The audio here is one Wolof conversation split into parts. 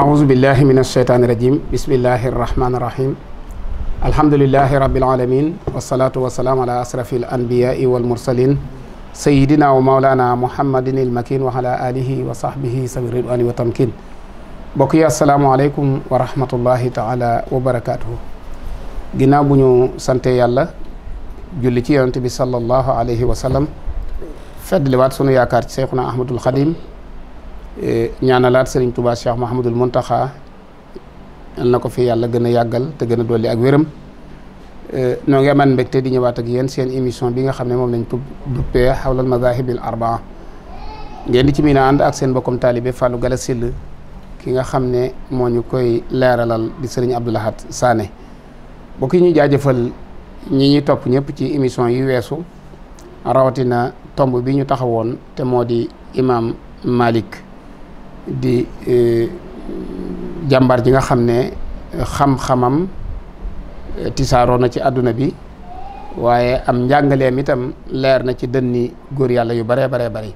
أعوذ بالله من الشيطان الرجيم بسم الله الرحمن الرحيم الحمد لله رب العالمين والصلاة والسلام على أشرف الأنبياء والمرسلين سيدنا ومولانا محمد المكين وعلى آله وصحبه سبيل الرضوان والتمكين بقي السلام عليكم ورحمة الله تعالى وبركاته ginnaaw bu ñu sante yàlla julli ci yonent bi sallallahu alayhi wa sallam feddliwaat sunu yaakaar ci Seexuna Ahmadul Xadim Eh, ñaanalaat sëriñ Touba Cheikh Mouhamadul Mountakha yal na ko fi yàlla gën a yàggal te gën a dolli ak wéram eh, noo ngi amaan mbégte di ñëwaat ak yéen seen émission bi nga xam ne moom lañ ko duppee xawlal madahibil arbaa ngeen di ci mën ànd ak seen bokkum taalibe Fallou Gala Sill ki nga xam ne moo ñu koy leeralal di sëriñ Abdou Lahad Sané bokk yi ñuy jaajëfal ñi ñu topp ñëpp ci émission yi weesu rawatina tomb bi ñu taxawoon te moo di imaam Malik di e, jàmbaar ji nga xam ne xam-xamam e, tisaaroo na ci àdduna bi waaye am njàngaleem itam leer na ci dënni góor yàlla yu bare bare bare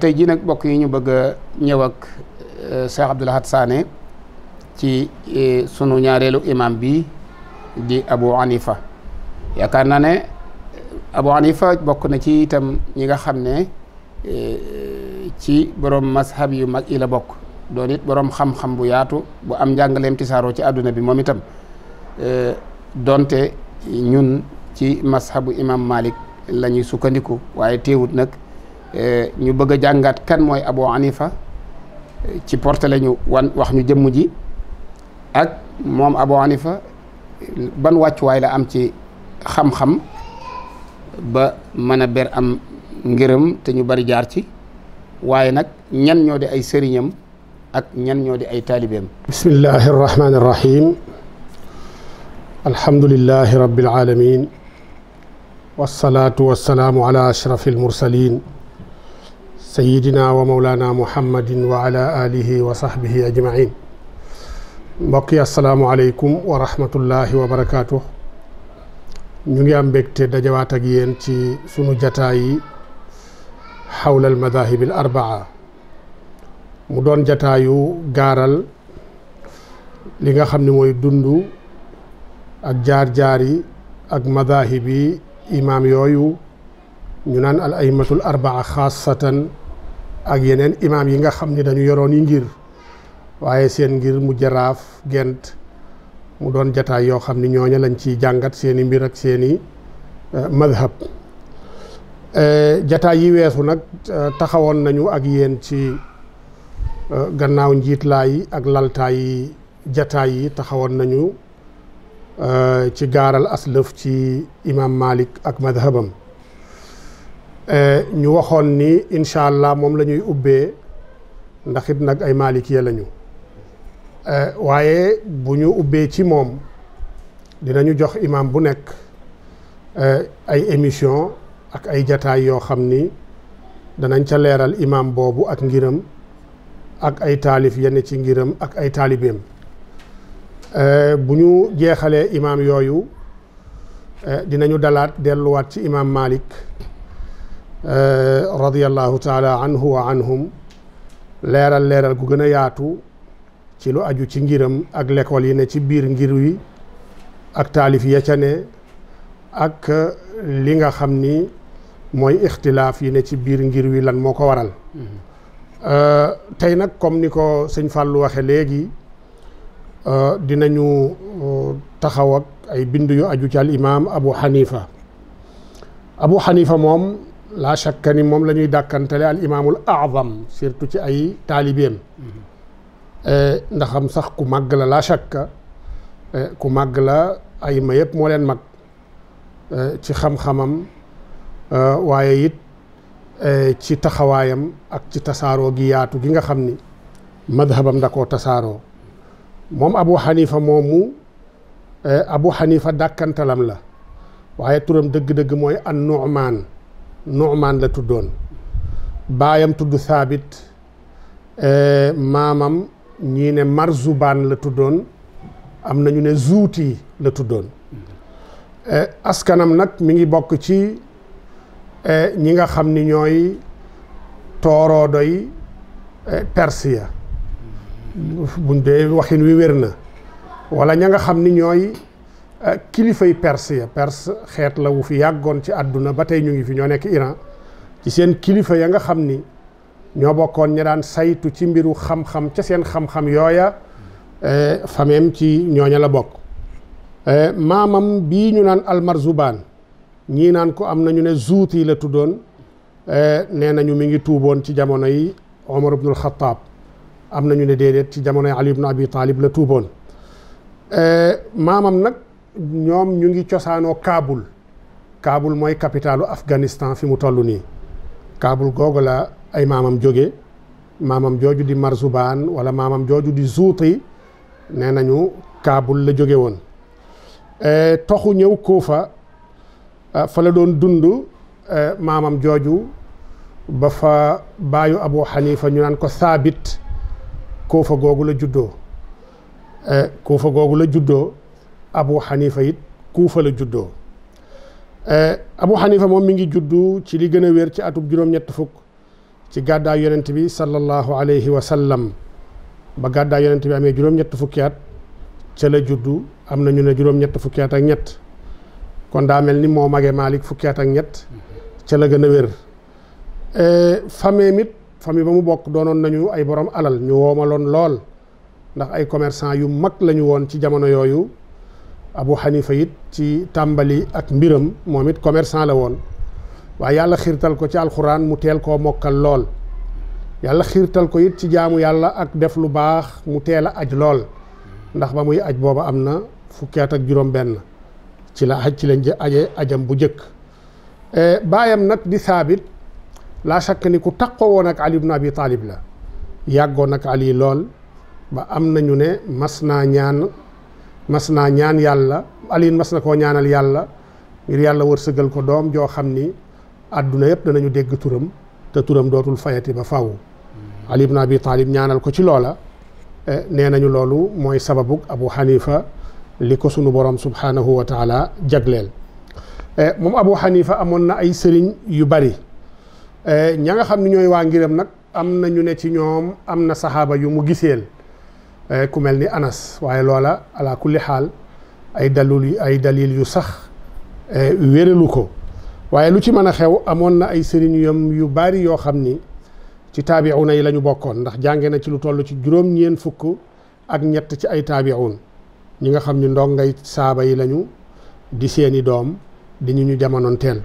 tey jii nag bokk yi ñu bëgg a ñëw ak e, Cheikh Abdou ci sunu ñaareelu imam bi di Abu Hanifa yaakaar naa ne Abu Hanifa bokk na ci itam ñi nga xam ne ci borom mashab yu mag yi la bokk doon it borom xam-xam bu yaatu bu am njàngaleem tisaaroo ci àdduna bi moom itam e, donte ñun ci mashabu imam malik lañuy sukkandiku waaye teewut nag e, ñu bëgg a jàngaat kan mooy Abu Hanifa ci porte la ñu wan wax ñu jëmm ji ak moom Abu Hanifa ban wàccuwaay la am ci xam-xam ba mën a ber am ngërëm te ñu bari jaar ci waaye nag ñan ñoo di ay sëriñam ak ñan ñoo di ay taalibeem bismillahi arrahmani arrahim alhamdulilahi rabbil alamin wasalaatu wasalaamu ala ashrafi almursalin sayidina wa maulana muhammadin wa ala alihi wa sahbihi ajmain mbokk yi asalaamualeykum wa rahmatullahi wa barakaatu ñu ngi am mbégte dajawaat ak yéen ci sunu jataay yi xawla al madahib al arbaa mu doon jataayu gaaral li nga xam ni mooy dund ak jaar-jaar ak madahib yi imaam yooyu ñu naan al aymatul arbaa xaasatan ak yeneen imaam yi nga xam ni dañu yoroon yi ngir waaye seen ngir mu jaraaf gent mu doon jataay yoo xam ni ñooña lañ ciy jàngat seeni mbir ak seeni eh, madhab Eh, jataay yi weesu nag eh, taxawoon nañu ak yéen ci eh, gannaaw njiitlaay yi ak laltaay yi jataay yi taxawoon nañu ci gaaral aslëf ci imam malik ak madhabam ñu waxoon ni incha allah moom la ñuy ubbee ndaxit nag ay malikiya lañu waaye bu ñu ubbee ci moom dinañu jox imam bu nekk ay émission ak ay jataay yoo xam ni danañ ca leeral imaam boobu ak ngiram ak ay taalif yenn ci ngiram ak ay taalibeem eh, bu ñu jeexalee imaam yooyu eh, dinañu dalaat delluwaat ci imaam Malik eh, radiyallahu taala anhu wa anhum leeral leeral gu gën a yaatu ci lu aju ci ngiram ak lekkool yi ne ci biir ngir wi ak taalif ya ca ne ak li nga xam ni mooy ixtilaaf yi ne ci biir ngir wi lan moo ko waral euh, tey nag comme ni ko sëñ Fallou waxe léegi euh, dinañu euh, taxaw ak ay bind yu aju ci al imaam Abu Hanifa Abu Hanifa moom laa shakka ni moom la ñuy dàkkantale al imaamul surtout ci ay taalibeem eh, ndaxam sax ku màgg la laa shakka eh, ku màgg la ay ma yëpp moo leen mag eh, ci xam-xamam Euh, waaye it eh, ci taxawaayam ak ci tasaaroo gi yaatu gi nga xam ni madhabam da tasaaroo moom abu xanifa moomu eh, abu xanifa dàkkantalam la waaye turam dëgg-dëgg mooy an nu'maan nu'maan la tuddoon baayam tudd saabit eh, maamam ñii ne marzubaan la tuddoon am nañu ne zuuti la tuddoon askanam nag mu ngi bokk ci E, ñi nga xam ni ñooy tooroodo yi e, perse ya buñ dee waxin wi wér na wala ña nga xam ni ñooy e, kilifay perse ya perse xeet la wu fi yàggoon ci àdduna ba tey ñu ngi fi ñoo nekk Iran ci seen kilifa ya nga xam ni ñoo bokkoon ña daan saytu ci mbiru xam-xam ca seen xam-xam yooya fameem ci ñooña la bokk maamam bii ñu naan almar almarzubaan ñii naan ko am nañu ne zuuti la tuddoon eh, nee nañu mu ngi tuuboon ci jamono yi Omar ibnul Xataab am nañu ne déedéet ci jamono yi bi ibnu Abi Taalib la tuuboon eh, maamam nag ñoom ñu ngi cosaanoo Kaabul Kaabul mooy capitalu Afghanistan fi mu toll nii Kaabul googu la ay maamam jóge maamam jooju di Marzubaan wala maamam jooju di zuuti nee nañu Kaabul la jóge woon eh, toxu ñëw Kuufa Ah, fa la doon dund eh, maamam jooju ba fa baayu abu xanifa ñu naan ko saabit kuufa googu la juddoo eh, kuufa googu la juddoo abu xanifa it kuufa la juddoo eh, abu xanifa moom mi ngi juddu ci li gën a wér ci atub juróom-ñett fukk ci gàddaay yonent bi sallallahu alayhi wa sallam ba gàddaay yonent bi amee juróom-ñett fukki at ca la juddu am na ñu ne juróom-ñett fukki at ak ñett kon daa mel ni moo magee Malick fukki ak ñett ca la gën a wér e, famille mit famille ba mu bokk doonoon nañu ay borom alal ñu woomaloon lool ndax ay commerçant yu mag lañu woon ci jamono yooyu Abu Hanifa it ci tàmbali ak mbiram moom it commerçant la woon waaye yàlla xiirtal ko ci alxuraan mu teel koo mokkal lool yàlla xiirtal ko it ci jaamu yàlla ak def lu baax mu teel a aj lool ndax ba muy aj booba am na fukki at ak juróom benn ci la haj ci lañ aje ajam bu njëkk eh, baayam nag di saabit laa shakk ni ku taqoo woon ak ali ibn abi taalib la yàggoon ak ali lool ba am nañu ne mas naa ñaan mas naa ñaan yàlla ali mas na koo ñaanal yàlla ngir yàlla wërsëgal ko doom joo xam ni àdduna yëpp danañu dégg turam te turam dootul fayati ba faw mm-hmm. ali ibn abi taalib ñaanal ko ci loola eh, nee nañu loolu mooy sababuk abu hanifa li ko sunu borom subhaanahu wa taala jagleel eh, moom Abu Hanifa amoon na ay sëriñ yu bari eh, ña nga xam ne ñooy waa ngiram nag am na ñu ne ci ñoom am na saxaaba yu mu giseel eh, ku mel ni Anas waaye loola ala kulli xaal ay dalul ay yu sax wéralu ko waaye lu ci mën a xew amoon na ay sëriñ yam yu bari yoo xam ni ci taabi'una yi lañu bokkoon ndax jànge na ci lu toll ci juróom-ñeent fukk ak ñett ci ay taabi'un ñi nga xam ni ndongay saaba yi lañu di seeni doom di ñu ñu jamonoon teel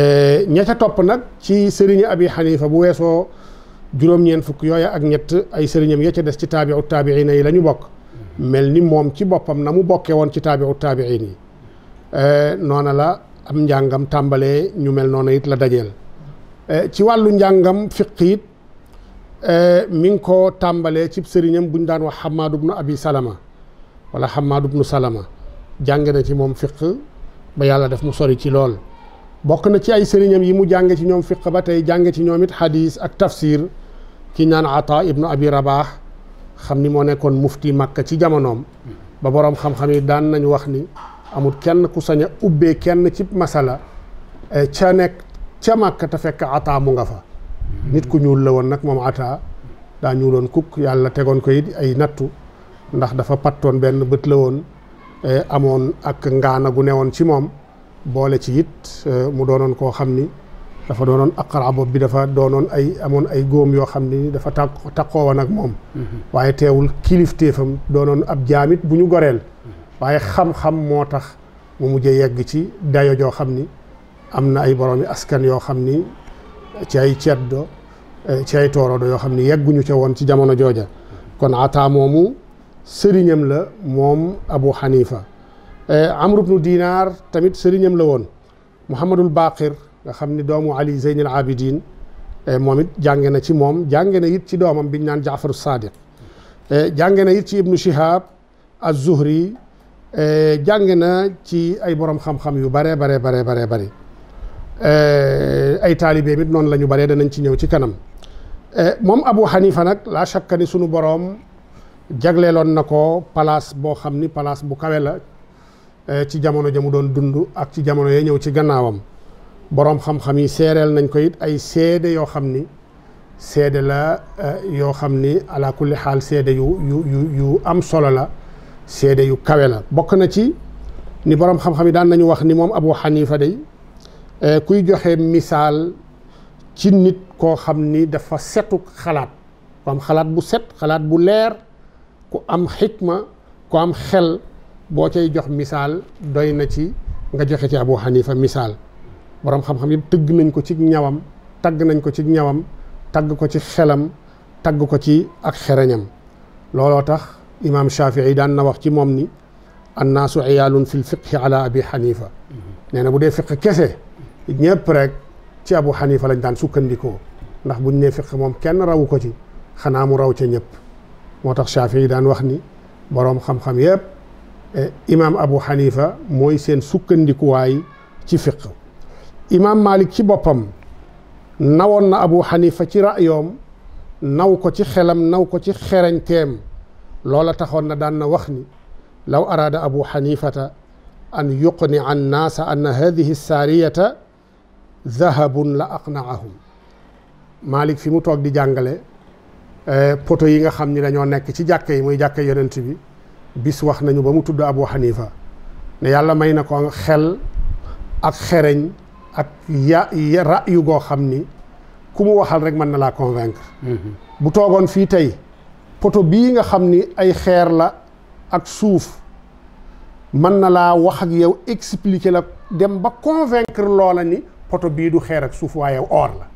e, ña topp nag ci sëriñ abi xanifa bu weesoo juróom-ñeent fukk yooya ak ñett ay sëriñam ya ca des ci taabiu taabiina yi la bokk mel ni moom ci boppam na mu bokke woon ci taabiu taabiin yi e, noona la am njàngam tàmbalee ñu mel noona it la dajeel e, ci wàllu njàngam fiq it mi ngi ko tàmbalee ci sëriñam bu ñu daan wax xamaadu na abi salama wala Hammaad ibnu Salama jàng na ci moom fiq ba yàlla def mu sori ci lool bokk na ci ay sëriñam yi mu jàng ci ñoom fiq ba tey jàng ci ñoom it xadiis ak tafsir ci ñaan Ataa ibnu Abi Rabaax xam ni moo nekkoon mufti Makka ci jamonoom ba boroom xam-xam yi daan nañu wax ni amul kenn ku sañ a ubbee kenn ci masala e, ca nekk ca Makka te fekk Ataa mu nga fa hmm. nit ku ñuul la woon nag moom Ataa daa ñuuloon kukk yàlla tegoon ko it ay nattu ndax dafa pattoon benn bët la woon eh, amoon ak ngaana gu newoon ci moom boole ci it eh, mu doonoon koo xam ni dafa doonoon aqara bopp bi dafa doonoon ay amoon ay góom yoo xam ni dafa takk takkoowoon ak moom mm-hmm. waaye teewul kilifteefam doonoon ab jaamit bu ñu goreel mm-hmm. waaye xam-xam moo tax mu mujje yegg ci dayo joo xam ni am na ay boroomi askan yoo xam ni ci ay ceddo eh, ci ay toorodo yoo xam ni yegguñu ca woon ci jamono jooja mm-hmm. kon ataa moomu sëriñam la moom Abu Hanifa eh, Amr ibnu Dinar tamit sëriñam la woon Muhammadul Baqir nga xam ni doomu Ali Zeynil Abidin eh, moom it jànge na ci moom jànge na it ci doomam biñ naan Jaafaru Sadiq eh, jànge na it ci Ibnu Shihab az-Zuhri jànge na ci ay boroom xam-xam yu bare bare bare bari bare ay taalibeem it noonu la ñu bare danañ ci ñëw ci kanam moom Abu Hanifa nag laa shakka ni sunu boroom jagleeloon na ko palaas boo xam ni palaas bu kawe la eh, ci jamono ja mu doon dund ak ci jamono ya ñëw ci gannaawam boroom xam-xam yi seereel nañ koy ay seede yoo xam ni seede la eh, yoo xam ni ala kulli xaal seede yu yu yu yu am solo la seede yu kawe la bokk na ci ni boroom xam-xam yi daan nañu wax ni moom Abu Xanifa day eh, kuy joxe misaal ci nit koo xam ni dafa setu xalaat am xalaat bu set xalaat bu leer ku am xikma ku am xel boo cay jox misaal doy na ci nga joxe ci Abu Hanifa misaal borom xam-xam yëpp tëgg nañ ko ci ñawam tagg nañ ko ci ñawam tagg ko ci xelam tagg ko ci ak xereñam looloo tax imaam Shafii daan na wax ci moom ni annaasu iyaalun fil fiqhi ala abi xanifa nee na bu dee fiq kese ñëpp rek ci abu xanifa lañ daan sukkandikoo ndax buñ nee fiq moom kenn rawu ko ci xanaa mu raw ca ñëpp moo tax Shaafi'i daan wax ni boroom xam-xam yëpp eh, imaam Abu Hanifa mooy seen sukkandikuwaay ci fiq imaam Malik ci boppam nawoon na Abu Hanifa ci ra'yoom naw ko ci xelam naw ko ci xereñteem loola taxoon na daan na wax ni law araada Abu Hanifata an yuqni an naasa anna hadihi saariyata dahabun la aqnaahum Malik fi mu toog di jàngale Eh, poto yi nga xam ni dañoo nekk ci jàkka yi muy jàkka yonent bi bis wax nañu ba mu tudd Abu Hanifa ne yàlla may na ko xel ak xereñ ak ya ra yu goo xam ni ku mu waxal rek mën na laa convaincre mm-hmm. bu toogoon fii tey photo bii nga xam ni ay xeer la ak suuf mën na laa wax ak yow expliquer la dem ba convaincre loola ni poto bii du xeer ak suuf waaye or la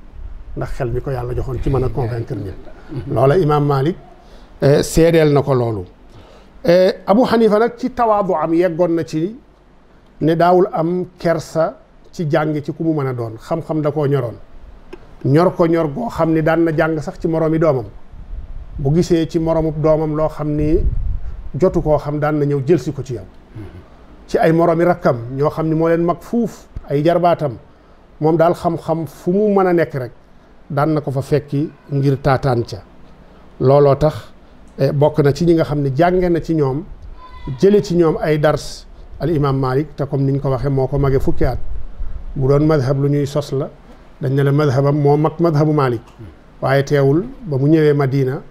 ndax xel bi ko yàlla joxoon ci mën a convaincre ñi loola imaam Malik eh, seedeel na ko loolu eh, Abu Hanifa nag ci tawaadu am yeggoon na ci ne daawul am kersa ci jàng ci ku mu mën a doon xam-xam da koo ñoroon ñor ko ñor goo xam ni daan na jàng sax ci moroomi doomam bu gisee ci moroomu doomam loo xam ni jotu koo xam daan na ñëw jëlsi ko ci yow ci ay moroomi rakkam ñoo xam ni moo leen mag fuuf ay jarbaatam moom daal xam-xam fu mu mën a nekk rek daan na ko fa fekki ngir taataan ca looloo tax eh, bokk na ci ñi nga xam ne jànge na ci ñoom jële ci ñoom ay dars al imam malik te comme niñ ko waxee moo ko mage fukki at bu doon madhab lu ñuy sos la dañ ne la madhabam moo mag madhabu malik waaye teewul ba mu ñëwee madina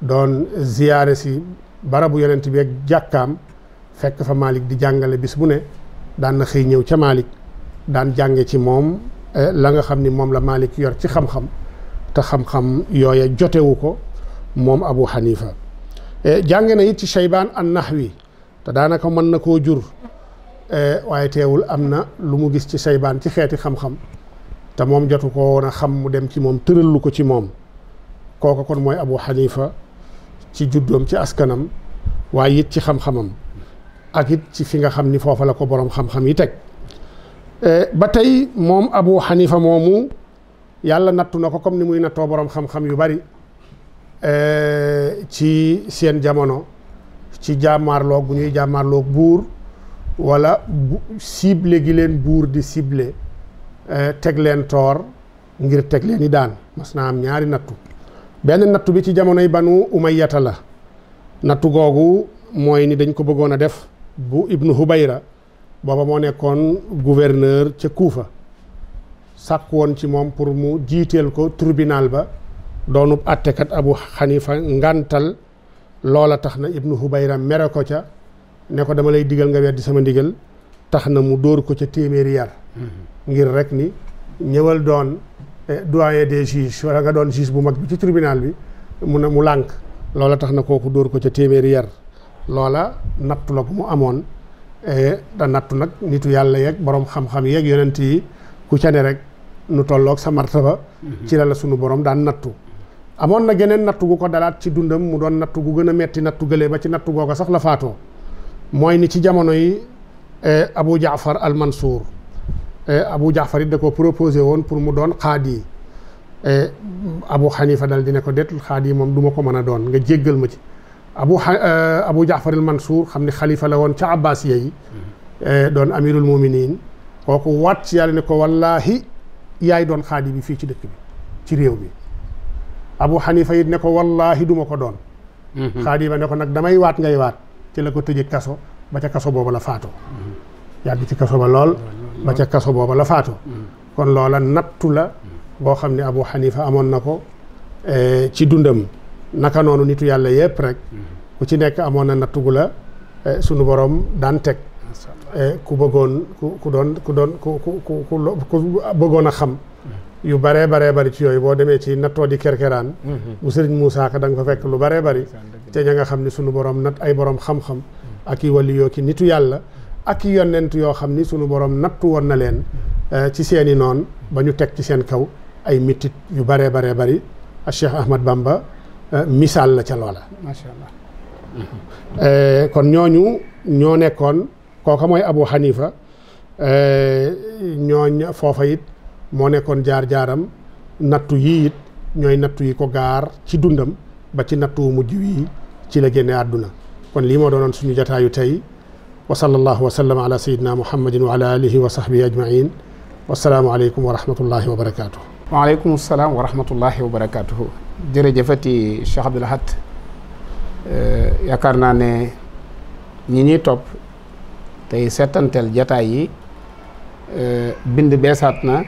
doon ziyaare si barabu yonent bi ak jàkkaam fekk fa malik di jàngale bis bu ne daan na xëy ñëw ca malik daan jànge ci moom Eh, la nga xam ni moom la Malik yor ci xam-xam te xam-xam yooya jotewu ko moom Abu xaniifa eh, jàng na it ci Shaybaan an wi te daanaka mën na koo jur eh, waaye teewul am na lu mu gis ci Shaybaan ci xeeti xam-xam te moom jotu ko woon a xam mu dem ci moom tëral ko ci moom kooka kon mooy Abu Hanifa ci juddoom ci askanam waaye it ci xam-xamam ak it ci fi nga xam ni foofa la ko boroom xam-xam yi teg Eh, ba tey moom Abu Hanifa moomu yàlla nattu na ko comme ni muy nattoo borom xam-xam yu bari eh, ci seen jamono ci jàmmaarloog bu ñuy jàmmaarloog buur wala cible gi leen buur di sible eh, teg leen toor ngir teg leen daan mas naa am ñaari nattu benn nattu bi ci jamonoy banu umayyata la nattu googu mooy ni dañ ko bëggoon a def bu ibnu hubayra booba moo nekkoon gouverneur ca Kuufa sàkk woon ci moom pour mu jiiteel ko tribinal ba doonub àttekat Abu Xanifa ngantal loola tax na Ibnu Hubayra mere ko ca ne ko dama lay digal nga di sama ndigal tax na mu dóor ko ca téeméeri yar ngir rek ni ñëwal doon eh, doyen des juges wala nga doon juge bu mag bi ci tribunal bi mu ne mu lànk loola tax na kooku dóor ko ca téeméeri yar loola nattu la ko mu amoon Eh, da nattu nag nitu yàlla yeeg boroom xam-xam yeeg yonent yi ku ca ne rek nu tolloog sa martaba mhm. ci la la sunu borom daan nattu amoon na geneen nattu gu ko dalaat ci dundam mu doon nattu gu gën a metti nattu gëlee ba ci nattu googa sax la faatoo mooy ni ci jamono yi eh, Abu Jaafar al Mansour eh, Abu Jaafar it da ko proposé woon pour mu doon xaadi Abu Xanifa dal dina ko det xaadi moom du ma ko mën a doon nga jéggal ma ci abu eh, abu jaafar al mansour xam ne xalifa la woon ca abbas yi eh, doon amirul muminin kooku waat ci yàlla ne ko wallahi yaay doon xaadi bi fii ci dëkk bi ci réew mi abu xanifa it ne ko wallahi duma ko doon mhm. xaadi ba ne ko nag damay waat ngay waat ci la ko tëjee kaso ba ca kaso booba la faatoo mhm. yàgg ci kaso ba lool ba ca kaso booba la faatoo mhm. kon loola nattu la boo xam ne abu xanifa amoon na ko eh, ci dundam naka noonu nitu yàlla yëpp rek mm-hmm. ku ci nekk amoon na nattu gu la eh, sunu borom daan teg eh, ku bëggoon ku ku doon ku doon ku ku ku bëggoon a xam mm-hmm. yu baree baree bari ci yooyu boo demee ci nattoo di kerkeraan mu mm-hmm. sëriñ Moussa Ka da nga fa fekk lu baree bari te ña nga xam ni sunu borom nat ay borom xam-xam ak i wali yoo ki nitu yàlla ak i yonent yoo xam ni sunu borom nattu woon na leen eh, ci seeni noon ba ñu teg ci seen kaw ay mitit yu baree baree bari a Bamba Euh, misaal la ca loola. macha allah. Euh, kon ñooñu ñoo nekkoon kooka mooy Abu Hanifa euh, ñooñ foofa it moo nekkoon jaar-jaaram nattu yi ñooy nattu yi ko gaar ci dundam ba ci nattu mujj wii ci la génne àdduna kon lii moo doonoon suñu jataayu tey wa sallallahu wa sallam ala sayyidina muhammadin wa ala alihi wa sahbihi ajmain wasalaamualeykum wa rahmatullahi wa barakaatu. waaleykum salaam wa rahmatullahi wa barakaatu. jërëjëfati Cheikh Abdoul Ahad eh, yaakaar naa ne ñi ñi topp tey seetantel jataay yi eh, bind beesaat na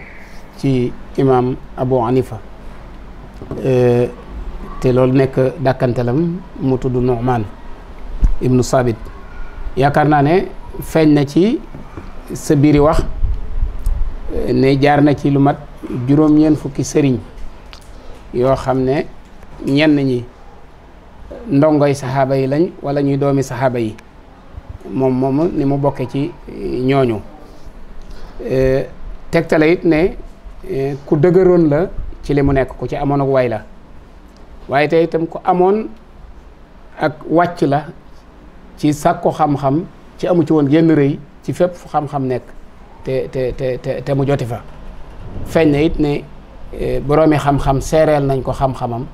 ci imaam Abu Hanifa eh, te loolu nekk dàkkantelam mu tudd Nu'man ibnu Sabit yaakaar naa ne feeñ na ci sa biiri wax ne jaar na ci lu mat juróom-ñeent fukki sëriñ yoo xam ne ñenn ñi ndongoy saxaaba yi lañ wala ñuy doomi saxaaba yi moom moom ni mu bokkee ci eh, ñooñu eh, tegtale it ne eh, ku dëgëroon la ci li mu nekk ku ci amoon ak way la waaye te itam ku amoon ak wàcc la ci sàkku xam-xam ci amu ci woon génn rëy ci fépp fu xam-xam nekk te te te te mu joti fa feeñ na it ne Eh, boroomi xam-xam seereel nañ ko xam-xamam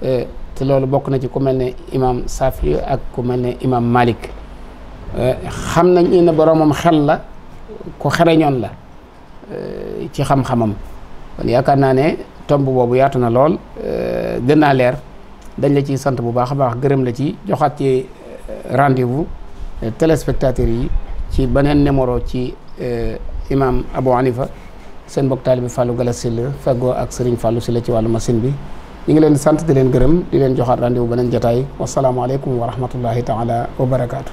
eh, te loolu bokk na ci ku mel ne imaam Safi ak ku mel ne imaam Malik eh, xam nañ ne boroomam xel la ku xereñoon la ci xam-xamam kon yaakaar naa ne tomb boobu yaatu na lool gën naa leer dañ la ciy sant bu baax a baax gërëm la ci joxaat ci rendez-vous téléspectateurs yi ci beneen numéro ci imaam Abu Hanifa seen mbokk taalibi Fallou Galass Syll feggoo ak Serigne Fallou Syll ci wàllu machine bi ñu ngi leen sant di leen gërëm di leen joxaat rendez-vous beneen jotaay wasalaamualeykum wa rahmatullahi taala wa barakaatu.